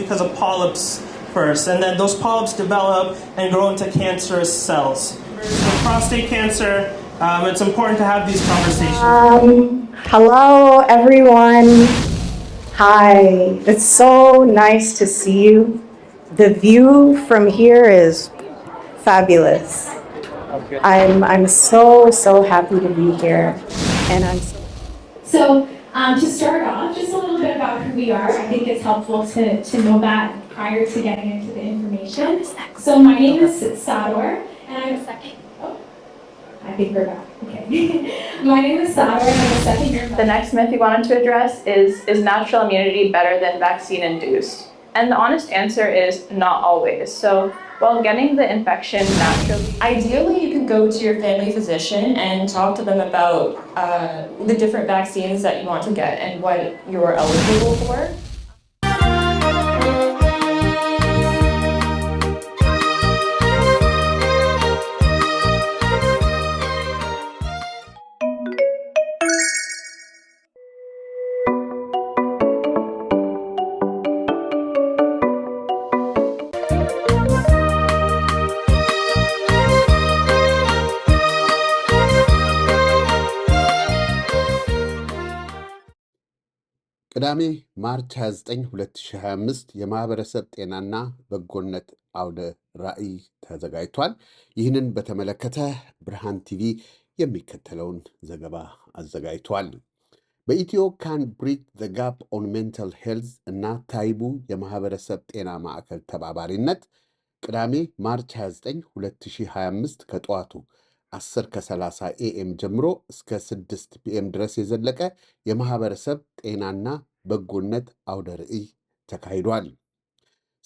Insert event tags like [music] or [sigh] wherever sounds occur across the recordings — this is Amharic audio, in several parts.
because of polyps first, and then those polyps develop and grow into cancerous cells. So prostate cancer, um, it's important to have these conversations. Um, hello, everyone. Hi, it's so nice to see you. The view from here is fabulous. I'm, I'm so, so happy to be here. And I'm so. so um, to start off, just a little bit about who we are. I think it's helpful to, to know that prior to getting into the information. So my name is Sador, and I'm a second. Oh, I think we're back. Okay. [laughs] my name is Sador, and I'm a second year. The next myth we wanted to address is is natural immunity better than vaccine induced? And the honest answer is not always. So while getting the infection naturally. Ideally, you can go to your family physician and talk to them about uh, the different vaccines that you want to get and what you're eligible for. ቅዳሜ ማርች 29 2025 የማህበረሰብ ጤናና በጎነት አውደ ራዕይ ተዘጋጅቷል። ይህንን በተመለከተ ብርሃን ቲቪ የሚከተለውን ዘገባ አዘጋጅቷል። በኢትዮ ካን ብሪጅ ዘ ጋፕ ኦን ሜንታል ሄልዝ እና ታይቡ የማህበረሰብ ጤና ማዕከል ተባባሪነት ቅዳሜ ማርች 29 2025 ከጠዋቱ 10 ከ30 ኤኤም ጀምሮ እስከ 6 ፒኤም ድረስ የዘለቀ የማህበረሰብ ጤናና በጎነት አውደ ርዕይ ተካሂዷል።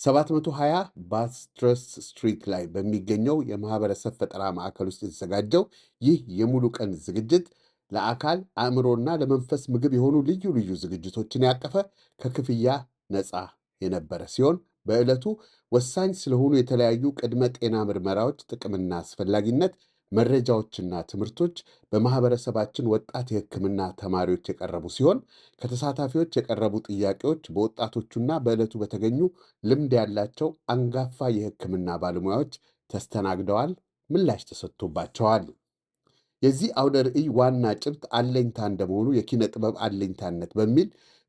720 ባስትረስ ስትሪት ላይ በሚገኘው የማህበረሰብ ፈጠራ ማዕከል ውስጥ የተዘጋጀው ይህ የሙሉ ቀን ዝግጅት ለአካል አእምሮና ለመንፈስ ምግብ የሆኑ ልዩ ልዩ ዝግጅቶችን ያቀፈ ከክፍያ ነፃ የነበረ ሲሆን በዕለቱ ወሳኝ ስለሆኑ የተለያዩ ቅድመ ጤና ምርመራዎች ጥቅምና አስፈላጊነት መረጃዎችና ትምህርቶች በማህበረሰባችን ወጣት የሕክምና ተማሪዎች የቀረቡ ሲሆን ከተሳታፊዎች የቀረቡ ጥያቄዎች በወጣቶቹና በዕለቱ በተገኙ ልምድ ያላቸው አንጋፋ የሕክምና ባለሙያዎች ተስተናግደዋል፣ ምላሽ ተሰጥቶባቸዋል። የዚህ አውደ ርዕይ ዋና ጭብጥ አለኝታ እንደመሆኑ የኪነ ጥበብ አለኝታነት በሚል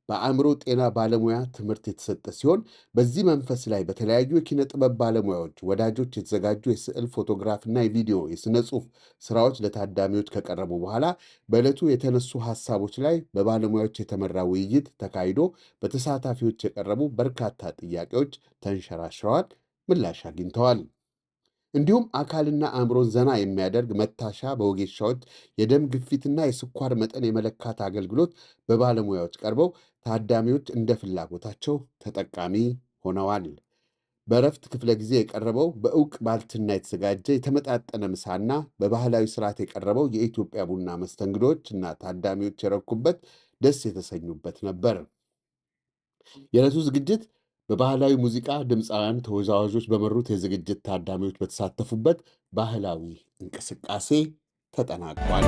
በአእምሮ ጤና ባለሙያ ትምህርት የተሰጠ ሲሆን በዚህ መንፈስ ላይ በተለያዩ የኪነ ጥበብ ባለሙያዎች ወዳጆች የተዘጋጁ የስዕል፣ ፎቶግራፍና የቪዲዮ የሥነ ጽሑፍ ስራዎች ለታዳሚዎች ከቀረቡ በኋላ በዕለቱ የተነሱ ሐሳቦች ላይ በባለሙያዎች የተመራ ውይይት ተካሂዶ በተሳታፊዎች የቀረቡ በርካታ ጥያቄዎች ተንሸራሽረዋል፣ ምላሽ አግኝተዋል። እንዲሁም አካልና አእምሮን ዘና የሚያደርግ መታሻ በወጌሻዎች የደም ግፊትና የስኳር መጠን የመለካት አገልግሎት በባለሙያዎች ቀርበው ታዳሚዎች እንደ ፍላጎታቸው ተጠቃሚ ሆነዋል። በእረፍት ክፍለ ጊዜ የቀረበው በእውቅ ባልትና የተዘጋጀ የተመጣጠነ ምሳና በባህላዊ ስርዓት የቀረበው የኢትዮጵያ ቡና መስተንግዶዎች እና ታዳሚዎች የረኩበት ደስ የተሰኙበት ነበር። የዕለቱ ዝግጅት በባህላዊ ሙዚቃ ድምፃውያን ተወዛዋዦች በመሩት የዝግጅት ታዳሚዎች በተሳተፉበት ባህላዊ እንቅስቃሴ ተጠናቋል።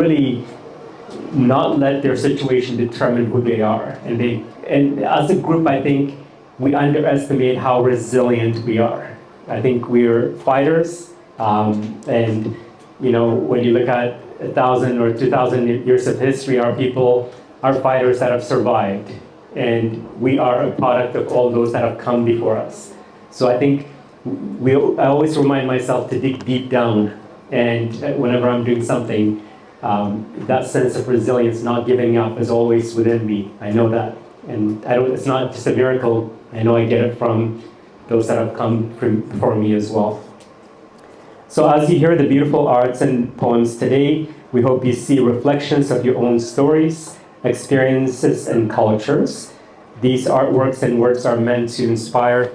ሪሊንት a thousand or two thousand years of history Our people, are fighters that have survived. And we are a product of all those that have come before us. So I think we, I always remind myself to dig deep down. And uh, whenever I'm doing something, um, that sense of resilience, not giving up, is always within me. I know that. And I don't, it's not just a miracle. I know I get it from those that have come before me as well. So as you hear the beautiful arts and poems today, we hope you see reflections of your own stories, experiences, and cultures. These artworks and works are meant to inspire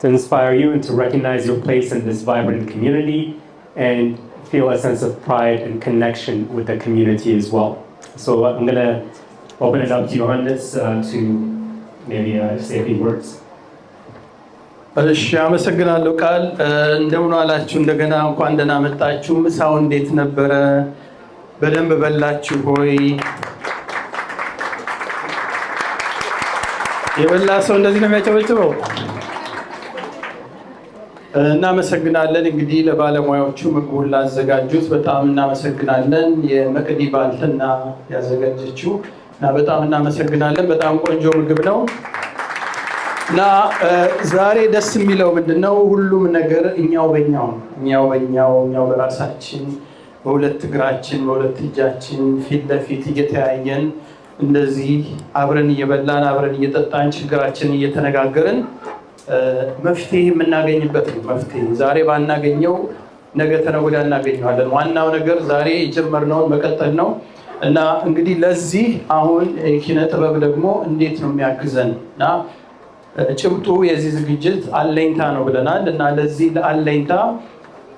to inspire you and to recognize your place in this vibrant community and feel a sense of pride and connection with the community as well. So I'm going to open it up to Johannes uh, to maybe uh, say a few words. እሺ አመሰግናለሁ። ቃል እንደምን አላችሁ? እንደገና እንኳን ደህና መጣችሁ። ምሳው እንዴት ነበረ? በደንብ በላችሁ ሆይ? የበላ ሰው እንደዚህ ነው የሚያጨበጭበው። እናመሰግናለን። እንግዲህ ለባለሙያዎቹ ምግቡን ላዘጋጁት በጣም እናመሰግናለን። የመቅዲ ባልትና ያዘጋጀችው እና በጣም እናመሰግናለን። በጣም ቆንጆ ምግብ ነው። እና ዛሬ ደስ የሚለው ምንድን ነው? ሁሉም ነገር እኛው በኛው እኛው በኛው እኛው በራሳችን በሁለት እግራችን በሁለት እጃችን ፊት ለፊት እየተያየን እንደዚህ አብረን እየበላን አብረን እየጠጣን ችግራችንን እየተነጋገርን መፍትሄ የምናገኝበት ነው። መፍትሄ ዛሬ ባናገኘው ነገ ተነገ ወዲያ እናገኘዋለን። ዋናው ነገር ዛሬ የጀመርነውን መቀጠል ነው እና እንግዲህ ለዚህ አሁን ኪነ ጥበብ ደግሞ እንዴት ነው የሚያግዘን እና ጭብጡ የዚህ ዝግጅት አለኝታ ነው ብለናል እና ለዚህ ለአለኝታ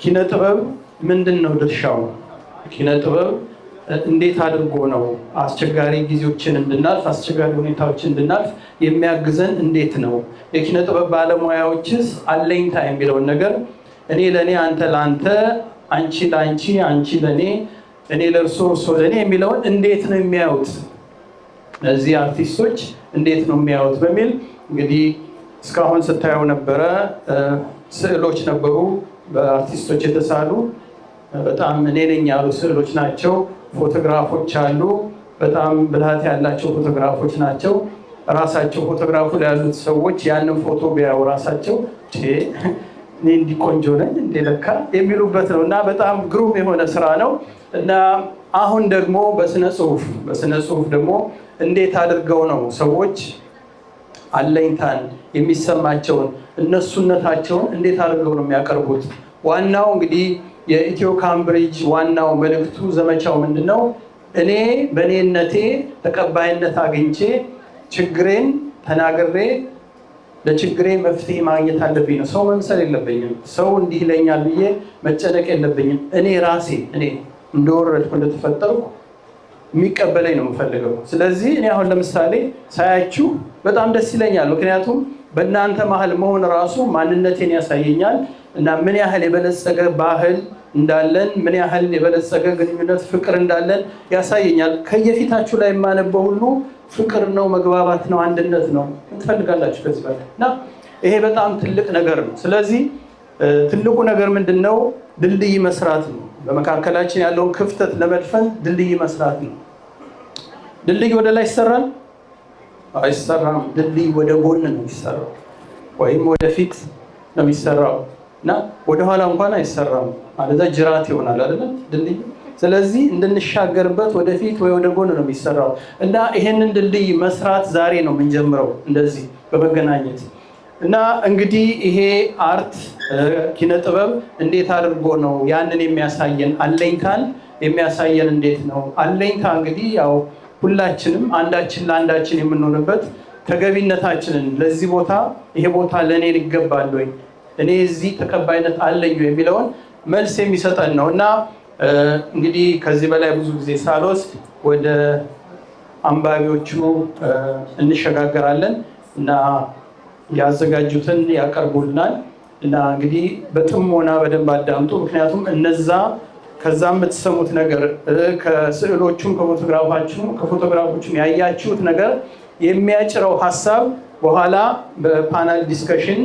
ኪነ ጥበብ ምንድን ነው ድርሻው? ኪነ ጥበብ እንዴት አድርጎ ነው አስቸጋሪ ጊዜዎችን እንድናልፍ አስቸጋሪ ሁኔታዎችን እንድናልፍ የሚያግዘን እንዴት ነው? የኪነ ጥበብ ባለሙያዎችስ አለኝታ የሚለውን ነገር እኔ ለእኔ፣ አንተ ለአንተ፣ አንቺ ለአንቺ፣ አንቺ ለእኔ፣ እኔ ለእርሶ፣ እርሶ ለእኔ የሚለውን እንዴት ነው የሚያዩት? እነዚህ አርቲስቶች እንዴት ነው የሚያዩት በሚል እንግዲህ እስካሁን ስታየው ነበረ። ስዕሎች ነበሩ በአርቲስቶች የተሳሉ በጣም እኔ ነኝ ያሉ ስዕሎች ናቸው። ፎቶግራፎች አሉ። በጣም ብልሃት ያላቸው ፎቶግራፎች ናቸው። ራሳቸው ፎቶግራፉ ላይ ያሉት ሰዎች ያንን ፎቶ ቢያዩ ራሳቸው እኔ እንዲቆንጆ ነኝ እንደለካ ለካ የሚሉበት ነው እና በጣም ግሩም የሆነ ስራ ነው እና አሁን ደግሞ በስነ ጽሁፍ በስነ ጽሁፍ ደግሞ እንዴት አድርገው ነው ሰዎች አለኝታን የሚሰማቸውን እነሱነታቸውን እንዴት አድርገው ነው የሚያቀርቡት? ዋናው እንግዲህ የኢትዮ ካምብሪጅ ዋናው መልእክቱ ዘመቻው ምንድን ነው? እኔ በእኔነቴ ተቀባይነት አግኝቼ ችግሬን ተናግሬ ለችግሬ መፍትሄ ማግኘት አለብኝ ነው። ሰው መምሰል የለብኝም። ሰው እንዲህ ይለኛል ብዬ መጨነቅ የለብኝም። እኔ ራሴ እኔ እንደወረድኩ እንደተፈጠርኩ የሚቀበለኝ ነው የምፈልገው። ስለዚህ እኔ አሁን ለምሳሌ ሳያችሁ በጣም ደስ ይለኛል። ምክንያቱም በእናንተ መሀል መሆን ራሱ ማንነቴን ያሳየኛል እና ምን ያህል የበለጸገ ባህል እንዳለን ምን ያህል የበለጸገ ግንኙነት፣ ፍቅር እንዳለን ያሳየኛል። ከየፊታችሁ ላይ የማነበው ሁሉ ፍቅር ነው፣ መግባባት ነው፣ አንድነት ነው ትፈልጋላችሁ ከዚህ በላይ እና ይሄ በጣም ትልቅ ነገር ነው። ስለዚህ ትልቁ ነገር ምንድን ነው? ድልድይ መስራት ነው። በመካከላችን ያለውን ክፍተት ለመድፈን ድልድይ መስራት ነው። ድልድይ ወደ ላይ ይሰራል አይሰራም። ድልድይ ወደ ጎን ነው የሚሰራው ወይም ወደፊት ነው የሚሰራው እና ወደኋላ እንኳን አይሰራም። አለዛ ጅራት ይሆናል አይደለ ድልድይ። ስለዚህ እንድንሻገርበት ወደፊት ወይ ወደ ጎን ነው የሚሰራው እና ይሄንን ድልድይ መስራት ዛሬ ነው የምንጀምረው እንደዚህ በመገናኘት እና እንግዲህ ይሄ አርት ኪነ ጥበብ እንዴት አድርጎ ነው ያንን የሚያሳየን? አለኝታን የሚያሳየን እንዴት ነው? አለኝታ እንግዲህ ያው ሁላችንም አንዳችን ለአንዳችን የምንሆንበት ተገቢነታችንን ለዚህ ቦታ ይሄ ቦታ ለእኔ ይገባል ወይ እኔ እዚህ ተቀባይነት አለኝ የሚለውን መልስ የሚሰጠን ነው እና እንግዲህ ከዚህ በላይ ብዙ ጊዜ ሳልወስድ ወደ አንባቢዎቹ እንሸጋገራለን እና ያዘጋጁትን ያቀርቡልናል እና እንግዲህ በጥሞና በደንብ አዳምጡ። ምክንያቱም እነዛ ከዛም የምትሰሙት ነገር ከስዕሎቹም ከፎቶግራፋችሁም ከፎቶግራፎችም ያያችሁት ነገር የሚያጭረው ሀሳብ በኋላ በፓናል ዲስከሽን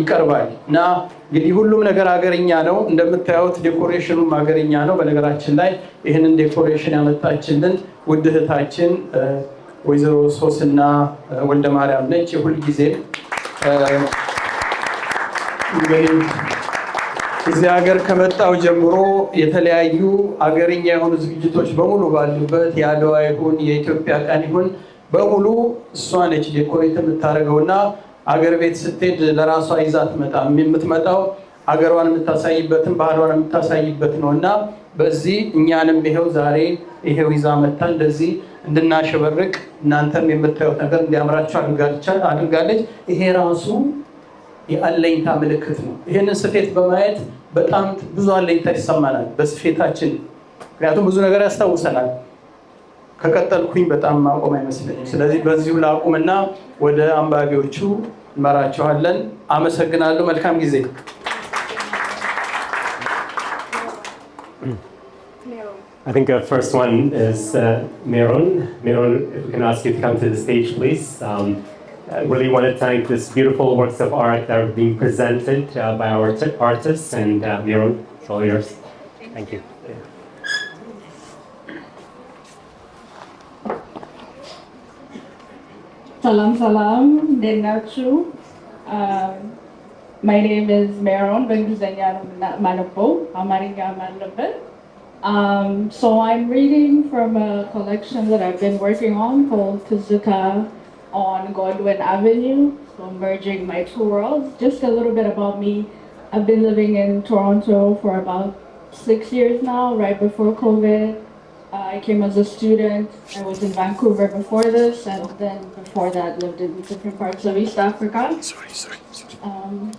ይቀርባል እና እንግዲህ ሁሉም ነገር አገርኛ ነው። እንደምታዩት ዴኮሬሽኑም አገርኛ ነው። በነገራችን ላይ ይህንን ዴኮሬሽን ያመጣችልን ውድ እህታችን ወይዘሮ ሶስና ወልደ ማርያም ነች። የሁልጊዜ እዚህ ሀገር ከመጣው ጀምሮ የተለያዩ አገርኛ የሆኑ ዝግጅቶች በሙሉ ባሉበት የአድዋ ይሁን የኢትዮጵያ ቀን ይሁን በሙሉ እሷ ነች ዴኮሬት የምታደርገው እና አገር ቤት ስትሄድ ለራሷ ይዛ ትመጣ የምትመጣው አገሯን የምታሳይበትን ባህሏን የምታሳይበት ነው እና በዚህ እኛንም ይሄው ዛሬ ይሄው ይዛ መታ እንደዚህ እንድናሸበርቅ እናንተም የምታዩት ነገር እንዲያምራቸው አድርጋለች። ይሄ ራሱ የአለኝታ ምልክት ነው። ይህንን ስፌት በማየት በጣም ብዙ አለኝታ ይሰማናል በስፌታችን። ምክንያቱም ብዙ ነገር ያስታውሰናል። ከቀጠልኩኝ በጣም ማቆም አይመስለኝም። ስለዚህ በዚሁ ላቁምና ወደ አንባቢዎቹ እንመራቸዋለን አመሰግናለሁ። መልካም ጊዜ። I think first one is uh, Meron. Meron, if we can ask you to come to the stage, please. Um, I really want to thank this beautiful works of art that are being presented uh, by our t- artists and uh, Soliers. it's all yours. Thank you. Salam salam, Denachu. Um, my name is Meron Benguzanyan Manapo, Amariga Manlapet. Um, so I'm reading from a collection that I've been working on called Tezuka on Godwin Avenue, so merging my two worlds. Just a little bit about me. I've been living in Toronto for about six years now, right before COVID. Uh, I came as a student. I was in Vancouver before this, and then before that, lived in different parts of East Africa. Sorry, sorry. sorry. Um,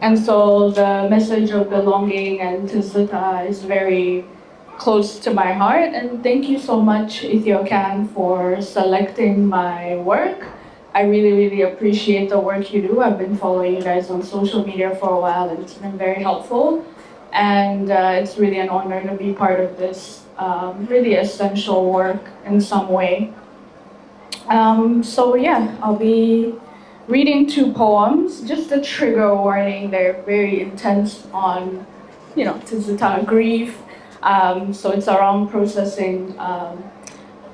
and so the message of belonging and Tisita is very close to my heart. And thank you so much, Ethiocan, for selecting my work. I really, really appreciate the work you do. I've been following you guys on social media for a while, and it's been very helpful. And uh, it's really an honor to be part of this um, really essential work in some way. Um, so, yeah, I'll be reading two poems. Just a trigger warning, they're very intense on, you know, Tzitata grief um, so it's around processing um,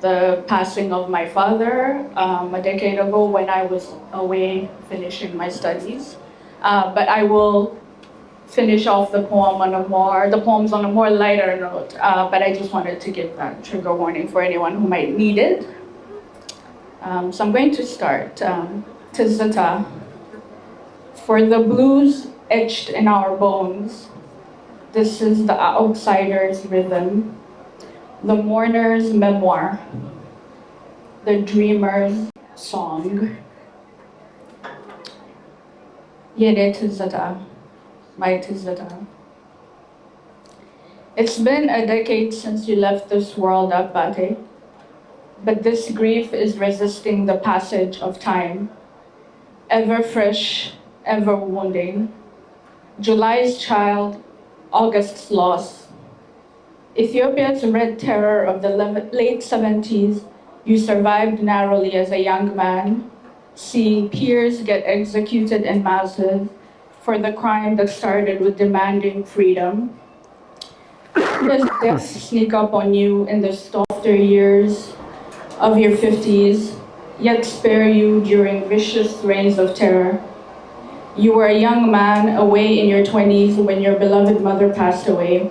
the passing of my father um, a decade ago when I was away finishing my studies. Uh, but I will finish off the poem on a more the poems on a more lighter note. Uh, but I just wanted to give that trigger warning for anyone who might need it. Um, so I'm going to start. Um, For the blues etched in our bones this is the outsider's rhythm, the mourner's memoir, the dreamer's song. my It's been a decade since you left this world, Abate, but this grief is resisting the passage of time. Ever fresh, ever wounding. July's child August's loss. Ethiopia's Red Terror of the late 70s, you survived narrowly as a young man, seeing peers get executed in masses for the crime that started with demanding freedom. Does death sneak up on you in the softer years of your 50s, yet spare you during vicious reigns of terror? You were a young man away in your 20s when your beloved mother passed away.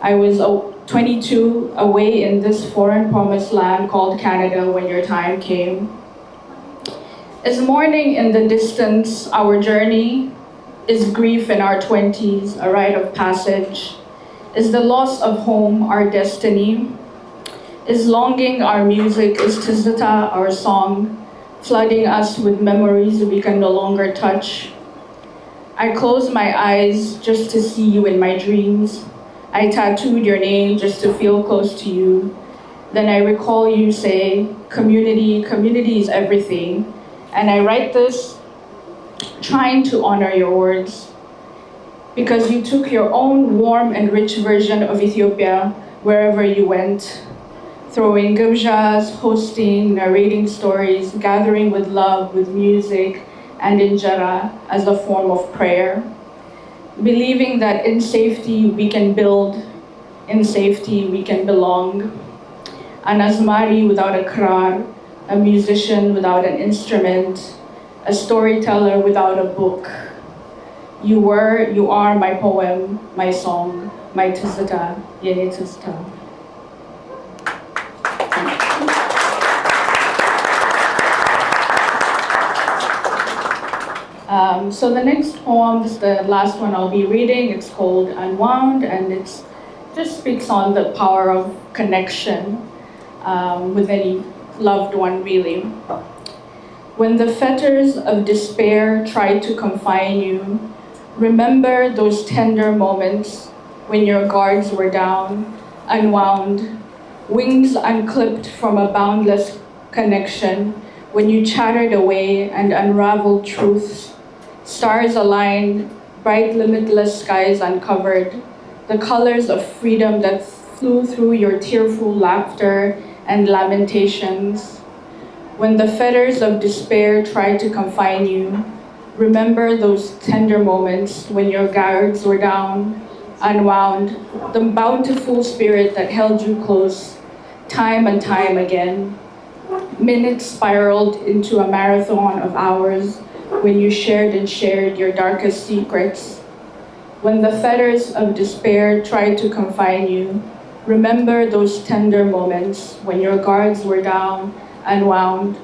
I was 22 away in this foreign promised land called Canada when your time came. Is mourning in the distance our journey? Is grief in our 20s a rite of passage? Is the loss of home our destiny? Is longing our music? Is tizita our song? Flooding us with memories we can no longer touch? I closed my eyes just to see you in my dreams. I tattooed your name just to feel close to you. Then I recall you say, community, community is everything. And I write this trying to honor your words because you took your own warm and rich version of Ethiopia wherever you went, throwing gumjas, hosting, narrating stories, gathering with love, with music, and injera as a form of prayer, believing that in safety we can build, in safety we can belong. An Mari without a krar, a musician without an instrument, a storyteller without a book. You were, you are my poem, my song, my tisita, yene tusita. Um, so the next poem is the last one I'll be reading. It's called Unwound, and it just speaks on the power of connection um, with any loved one, really. When the fetters of despair try to confine you, remember those tender moments when your guards were down, unwound, wings unclipped from a boundless connection, when you chattered away and unraveled truths Stars aligned, bright limitless skies uncovered, the colors of freedom that flew through your tearful laughter and lamentations. When the fetters of despair tried to confine you, remember those tender moments when your guards were down, unwound, the bountiful spirit that held you close, time and time again. Minutes spiraled into a marathon of hours when you shared and shared your darkest secrets. When the fetters of despair tried to confine you, remember those tender moments when your guards were down and wound,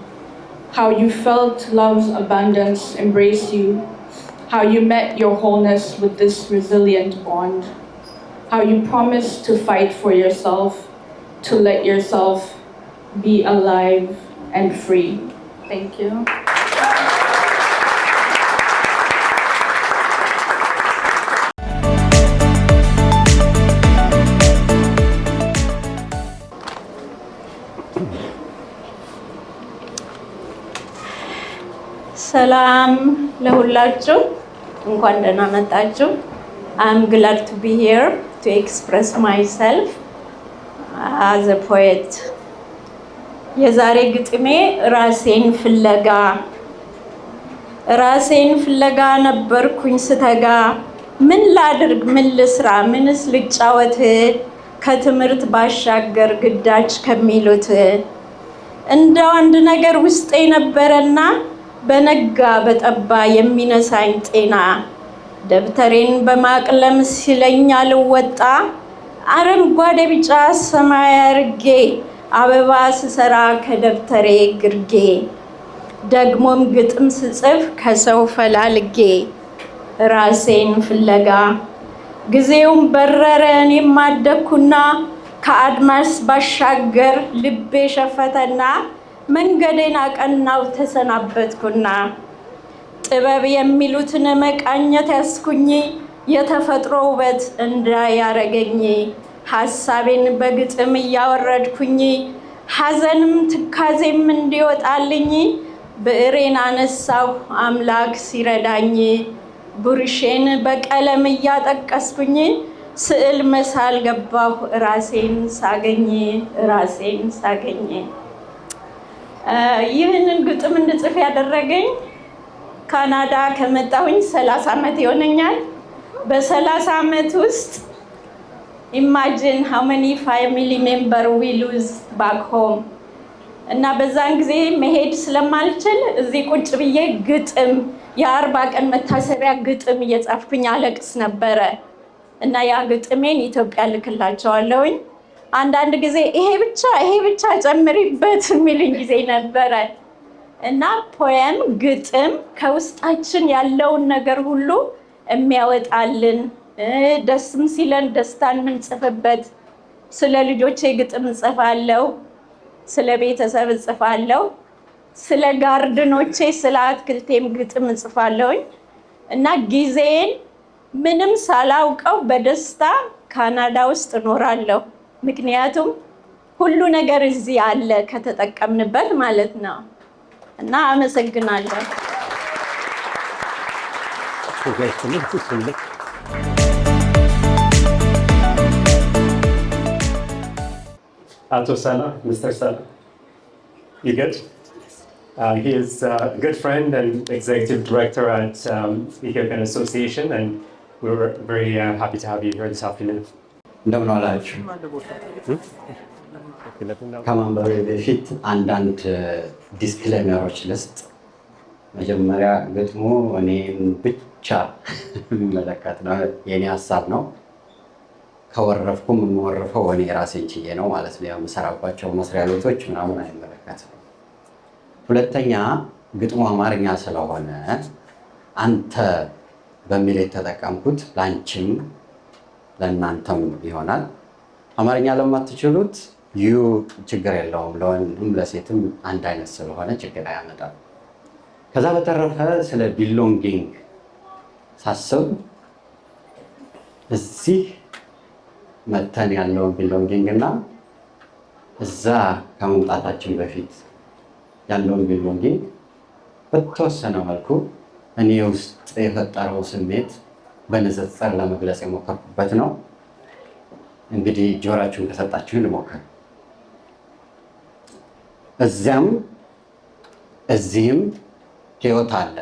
how you felt love's abundance embrace you, how you met your wholeness with this resilient bond, how you promised to fight for yourself, to let yourself be alive and free. Thank you. ሰላም ለሁላችሁ፣ እንኳን ደህና መጣችሁ። አም ግላድ ቱ ቢ ሄር ቱ ኤክስፕረስ ማይሰልፍ አዘ ፖኤት። የዛሬ ግጥሜ ራሴን ፍለጋ ራሴን ፍለጋ ነበርኩኝ ስተጋ ምን ላድርግ ምን ልስራ ምንስ ልጫወት ከትምህርት ባሻገር ግዳጅ ከሚሉት እንደው አንድ ነገር ውስጤ ነበረና በነጋ በጠባ የሚነሳኝ ጤና ደብተሬን በማቅለም ሲለኛ ልወጣ አረንጓዴ ቢጫ ሰማይ አርጌ አበባ ስሰራ ከደብተሬ ግርጌ ደግሞም ግጥም ስጽፍ ከሰው ፈላልጌ ራሴን ፍለጋ ጊዜውም በረረ እኔም አደግኩና ከአድማስ ባሻገር ልቤ ሸፈተና መንገዴን አቀናው ተሰናበትኩና ጥበብ የሚሉትን መቃኘት ያስኩኝ የተፈጥሮ ውበት እንዳያረገኝ ሀሳቤን በግጥም እያወረድኩኝ ሀዘንም ትካዜም እንዲወጣልኝ ብዕሬን አነሳሁ አምላክ ሲረዳኝ ብሩሼን በቀለም እያጠቀስኩኝ ስዕል መሳል ገባሁ ራሴን ሳገኝ ራሴን ሳገኝ ይህንን ግጥም እንድጽፍ ያደረገኝ ካናዳ ከመጣሁኝ ሰላሳ ዓመት ይሆነኛል። በሰላሳ ዓመት ውስጥ ኢማጂን ሃው መኒ ፋሚሊ ሜምበር ዊ ሉዝ ባክ ሆም እና በዛን ጊዜ መሄድ ስለማልችል እዚህ ቁጭ ብዬ ግጥም የአርባ ቀን መታሰቢያ ግጥም እየጻፍኩኝ አለቅስ ነበረ እና ያ ግጥሜን ኢትዮጵያ ልክላቸዋለሁኝ። አንዳንድ ጊዜ ይሄ ብቻ ይሄ ብቻ ጨምሪበት የሚልኝ ጊዜ ነበረ እና ፖየም ግጥም ከውስጣችን ያለውን ነገር ሁሉ የሚያወጣልን ደስም ሲለን ደስታን የምንጽፍበት ስለ ልጆቼ ግጥም እጽፋለሁ፣ ስለ ቤተሰብ እጽፋለሁ፣ ስለ ጋርድኖቼ ስለ አትክልቴም ግጥም እጽፋለሁኝ እና ጊዜን ምንም ሳላውቀው በደስታ ካናዳ ውስጥ እኖራለሁ። ምክንያቱም ሁሉ ነገር እዚህ አለ ከተጠቀምንበት ማለት ነው። እና አመሰግናለሁ። አቶ ሳላ ምስተር ሳላ ይገድ Uh, he is uh, a good friend and executive director at um, Ethiopian Association, and we're very uh, happy to have you here this afternoon. እንደምን ዋላችሁ። ከማንበብ በፊት አንዳንድ ዲስክሌመሮች ልስጥ። መጀመሪያ ግጥሙ እኔም ብቻ የሚመለከት ነው፣ የእኔ ሀሳብ ነው። ከወረፍኩም እኔ ራሴን ችዬ ነው ማለት ነው። የምሰራባቸው መስሪያ ቤቶች ምናምን አይመለከትም። ሁለተኛ ግጥሙ አማርኛ ስለሆነ አንተ በሚል የተጠቀምኩት ለእናንተም ይሆናል። አማርኛ ለማትችሉት ዩ ችግር የለውም። ለወንድም ለሴትም አንድ አይነት ስለሆነ ችግር አያመጣም። ከዛ በተረፈ ስለ ቢሎንጊንግ ሳስብ እዚህ መተን ያለውን ቢሎንጊንግ እና እዛ ከመምጣታችን በፊት ያለውን ቢሎንጊንግ በተወሰነ መልኩ እኔ ውስጥ የፈጠረው ስሜት በንጽጽር ለመግለጽ የሞከርኩበት ነው። እንግዲህ ጆሮአችሁን ከሰጣችሁ ልሞክር። እዚያም እዚህም ህይወት አለ።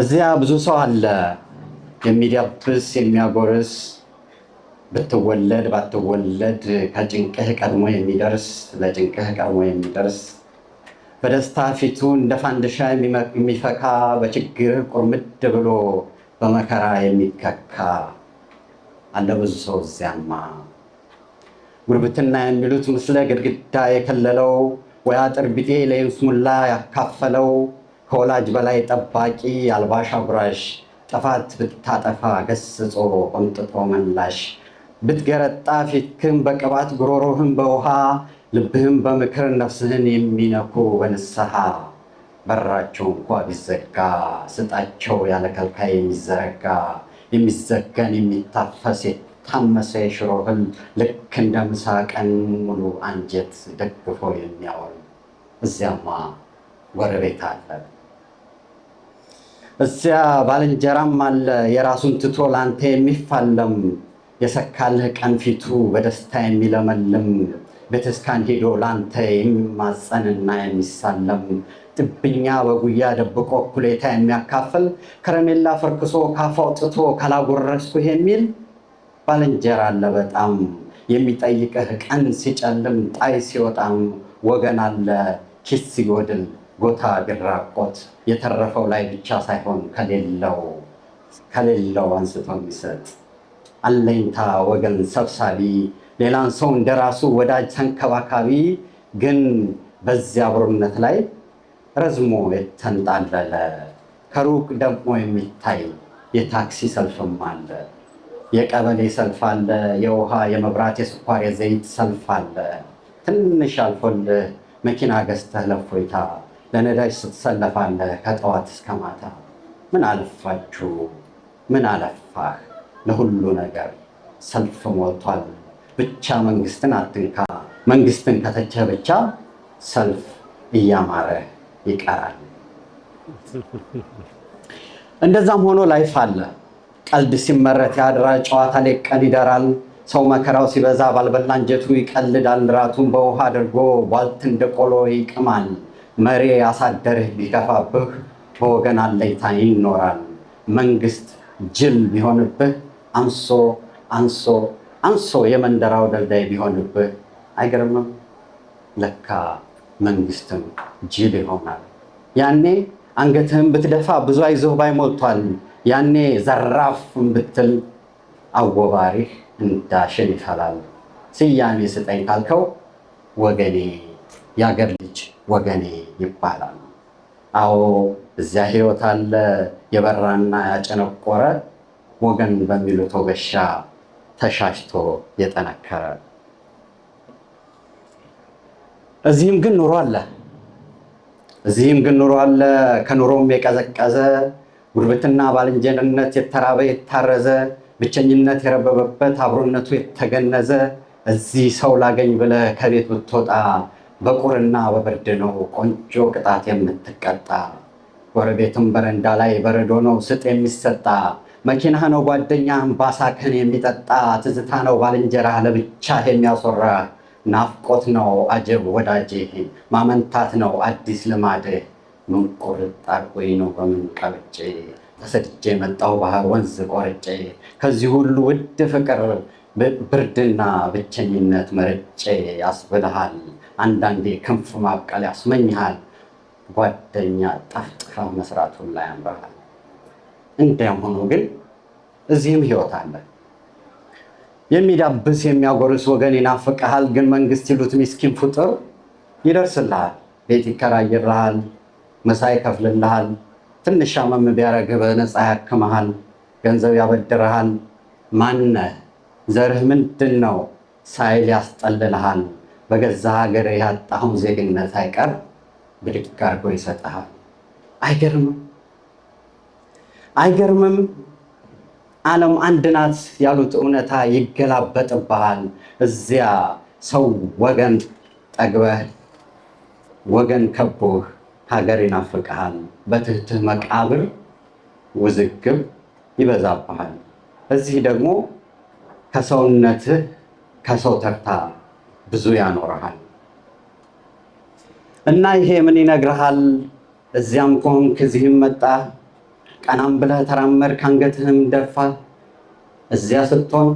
እዚያ ብዙ ሰው አለ የሚዳብስ የሚያጎርስ ብትወለድ ባትወለድ ከጭንቅህ ቀድሞ የሚደርስ ለጭንቅህ ቀድሞ የሚደርስ በደስታ ፊቱ እንደ ፋንድሻ የሚፈካ በችግር ቁርምድ ብሎ በመከራ የሚከካ አለ ብዙ ሰው እዚያማ። ጉርብትና የሚሉት ምስለ ግድግዳ የከለለው ወይ አጥር ቢጤ ለይስሙላ ያካፈለው ከወላጅ በላይ ጠባቂ አልባሽ አጉራሽ ጥፋት ብታጠፋ ገስጾ ቆምጥጦ መላሽ ብትገረጣ ፊትክን በቅባት ጉሮሮህን በውሃ ልብህም በምክር ነፍስህን የሚነኩ በንስሐ በራቸው እንኳ ቢዘጋ ስጣቸው ያለ ከልካይ የሚዘረጋ የሚዘገን የሚታፈስ የታመሰ የሽሮህን ልክ እንደ ምሳ ቀን ሙሉ አንጀት ደግፎ የሚያወል እዚያማ ጎረቤት አለ፣ እዚያ ባልንጀራም አለ የራሱን ትቶ ለአንተ የሚፋለም የሰካልህ ቀን ፊቱ በደስታ የሚለመልም ቤተስካን ሄዶ ላንተ የሚማፀንና የሚሳለም ጥብኛ በጉያ ደብቆ እኩሌታ የሚያካፍል ከረሜላ ፈርክሶ ካፋው ጥቶ ካላጎረስኩህ የሚል ባልንጀራ አለ በጣም የሚጠይቅህ ቀን ሲጨልም ጣይ ሲወጣም ወገን አለ ኪስ ሲጎድል ጎታ ቢራቆት የተረፈው ላይ ብቻ ሳይሆን ከሌለው ከሌለው አንስቶ የሚሰጥ አለኝታ ወገን ሰብሳቢ ሌላን ሰው እንደራሱ ወዳጅ ተንከባካቢ፣ ግን በዚህ አብሮነት ላይ ረዝሞ የተንጣለለ ከሩቅ ደግሞ የሚታይ የታክሲ ሰልፍም አለ፣ የቀበሌ ሰልፍ አለ፣ የውሃ የመብራት የስኳር የዘይት ሰልፍ አለ። ትንሽ አልፎልህ መኪና ገዝተህ ለፎይታ ለነዳጅ ስትሰለፋለህ ከጠዋት እስከ ማታ። ምን አለፋችሁ ምን አለፋህ ለሁሉ ነገር ሰልፍ ሞልቷል። ብቻ መንግስትን አትንካ፣ መንግስትን ከተቸህ ብቻ ሰልፍ እያማረ ይቀራል። እንደዛም ሆኖ ላይፍ አለ። ቀልድ ሲመረት ያድራል፣ ጨዋታ ላይ ቀን ይደራል። ሰው መከራው ሲበዛ ባልበላ እንጀቱ ይቀልዳል፣ ራቱን በውሃ አድርጎ ቧልት እንደ ቆሎ ይቅማል። መሬ ያሳደርህ ቢገፋብህ በወገን አለይታ ይኖራል። መንግስት ጅል ቢሆንብህ አንሶ አንሶ አንሶ የመንደራው ደልዳይ ቢሆንብህ አይገርምም? ለካ መንግስትም ጅል ይሆናል። ያኔ አንገትህም ብትደፋ ብዙ አይዞህ ባይ ሞልቷል። ያኔ ዘራፍ ብትል አወባሪህ እንዳሸን ይፈላል። ስያሜ ስጠኝ ካልከው ወገኔ የአገር ልጅ ወገኔ ይባላል። አዎ እዚያ ህይወት አለ የበራና ያጨነቆረ ወገን በሚሉት ወገሻ ተሻሽቶ የጠነከረ እዚህም ግን ኑሮ አለ። እዚህም ግን ኑሮ አለ። ከኑሮም የቀዘቀዘ ጉርብትና፣ ባልንጀርነት የተራበ የታረዘ፣ ብቸኝነት የረበበበት አብሮነቱ የተገነዘ እዚህ ሰው ላገኝ ብለህ ከቤት ብትወጣ በቁርና በብርድ ነው ቆንጆ ቅጣት የምትቀጣ። ጎረቤትም በረንዳ ላይ በረዶ ነው ስጥ የሚሰጣ መኪናህ ነው ጓደኛ ባሳክን የሚጠጣ ትዝታ ነው ባልንጀራ ለብቻ የሚያስወራ ናፍቆት ነው አጀብ ወዳጄ ማመንታት ነው አዲስ ልማድህ ምን ቁርጥ አድርጎኝ ነው በምን ቀብጬ ተሰድጄ የመጣው ባህር ወንዝ ቆርጬ ከዚህ ሁሉ ውድ ፍቅር ብርድና ብቸኝነት መርጬ ያስብልሃል አንዳንዴ ክንፍ ማብቀል ያስመኝሃል ጓደኛ ጠፍጥፋ መስራቱን ላይ ያምረሃል። እንዲያም ሆኖ ግን እዚህም ህይወት አለ። የሚዳብስ የሚያጎርስ ወገን ይናፍቀሃል፣ ግን መንግስት ይሉት ሚስኪን ፍጡር ይደርስልሃል። ቤት ይከራይልሃል፣ መሳይ ይከፍልልሃል፣ ትንሽ አመም ቢያረግህ በነፃ ያክመሃል፣ ገንዘብ ያበድርሃል። ማነ ዘርህ ምንድን ነው ሳይል ያስጠልልሃል። በገዛ ሀገር ያጣሁን ዜግነት አይቀር ብድግ አድርጎ ይሰጠሃል። አይገርምም? አይገርምም? ዓለም አንድ ናት ያሉት እውነታ ይገላበጥብሃል። እዚያ ሰው ወገን ጠግበህ ወገን ከቦህ ሀገር ይናፍቅሃል። በትህትህ መቃብር ውዝግብ ይበዛብሃል። እዚህ ደግሞ ከሰውነትህ ከሰው ተርታ ብዙ ያኖረሃል እና ይሄ ምን ይነግርሃል? እዚያም ከሆንክ እዚህም መጣህ ቀናም ብለህ ተራመድክ፣ አንገትህም ደፋ። እዚያ ስትሆን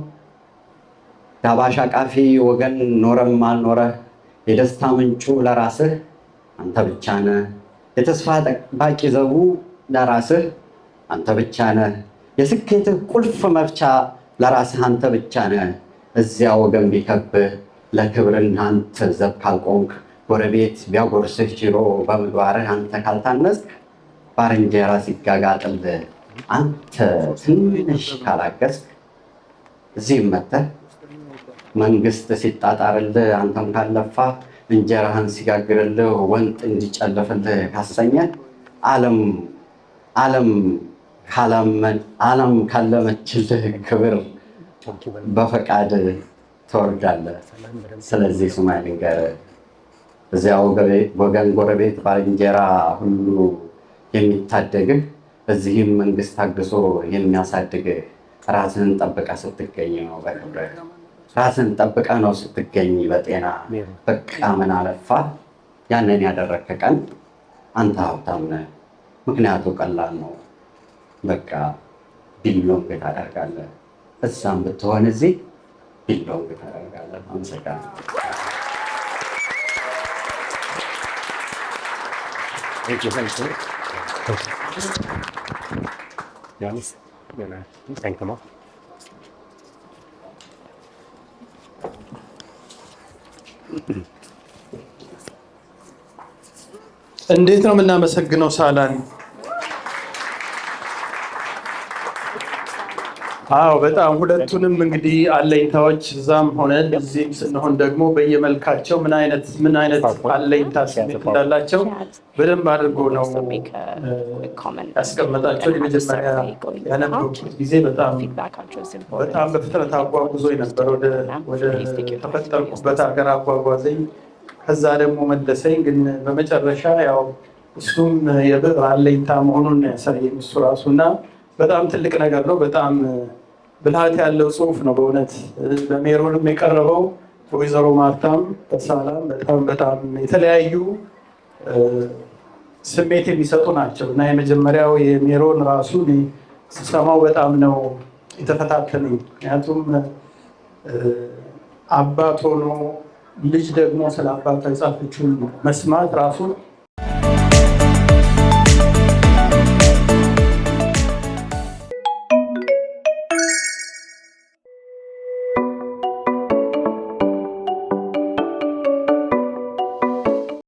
ዳባሽ አቃፊ ወገን ኖረም አልኖረህ የደስታ ምንጩ ለራስህ አንተ ብቻ ነህ። የተስፋ ጠባቂ ዘቡ ለራስህ አንተ ብቻ ነህ። የስኬትህ ቁልፍ መፍቻ ለራስህ አንተ ብቻ ነህ። እዚያ ወገን ቢከብህ ለክብርና አንተ ዘብ ካልቆምክ፣ ጎረቤት ቢያጎርስህ ጅሮ በምግባርህ አንተ ካልታነጽ ባልንጀራ ሲጋጋጥል አንተ ትንሽ ካላገዝክ እዚህም መጥተህ መንግስት ሲጣጣርልህ አንተም ካለፋ እንጀራህን ሲጋግርልህ ወንጥ እንዲጨለፍል ካሰኘ ዓለም ዓለም ዓለም ካለመችልህ ክብር በፈቃድ ትወርዳለህ። ስለዚህ ስማ ልንገርህ፣ እዚያ ወገን፣ ጎረቤት፣ ባልንጀራ ሁሉ የሚታደግህ በዚህም መንግስት ታግሶ የሚያሳድግ ራስህን ጠብቀ ስትገኝ ነው። በክብረት ራስህን ጠብቀ ነው ስትገኝ በጤና በቃ ምን አለፋ ያንን ያደረግከ ቀን አንተ ሀብታም ነህ። ምክንያቱ ቀላል ነው። በቃ ቢሎንግ ታደርጋለህ። እዛም ብትሆን እዚህ ቢሎንግ ታደርጋለህ። አመሰግናለሁ። Thank you, thank you. Yalnız böyle denk tamam. እንዴት ነው የምናመሰግነው ሳላን አዎ በጣም ሁለቱንም እንግዲህ አለኝታዎች እዛም ሆነ እዚህም ስንሆን ደግሞ በየመልካቸው ምን አይነት ምን አይነት አለኝታ ስሜት እንዳላቸው በደንብ አድርጎ ነው uh, uh, ያስቀመጣቸው። የመጀመሪያ ያነበብኩት ጊዜ በጣም በፍጥነት አጓጉዞ ነበር፣ ወደ ተፈጠርኩበት ሀገር አጓጓዘኝ። ከዛ ደግሞ መለሰኝ። ግን በመጨረሻ ያው እሱም የብር አለኝታ መሆኑን ያሳየኝ እሱ እና በጣም ትልቅ ነገር ነው። በጣም ብልሃት ያለው ጽሁፍ ነው በእውነት በሜሮንም የቀረበው ወይዘሮ ማርታም በሳላም በጣም በጣም የተለያዩ ስሜት የሚሰጡ ናቸው እና የመጀመሪያው የሜሮን ራሱ ስሰማው በጣም ነው የተፈታተነኝ። ምክንያቱም አባት ሆኖ ልጅ ደግሞ ስለ አባቷ የጻፈችውን መስማት ራሱ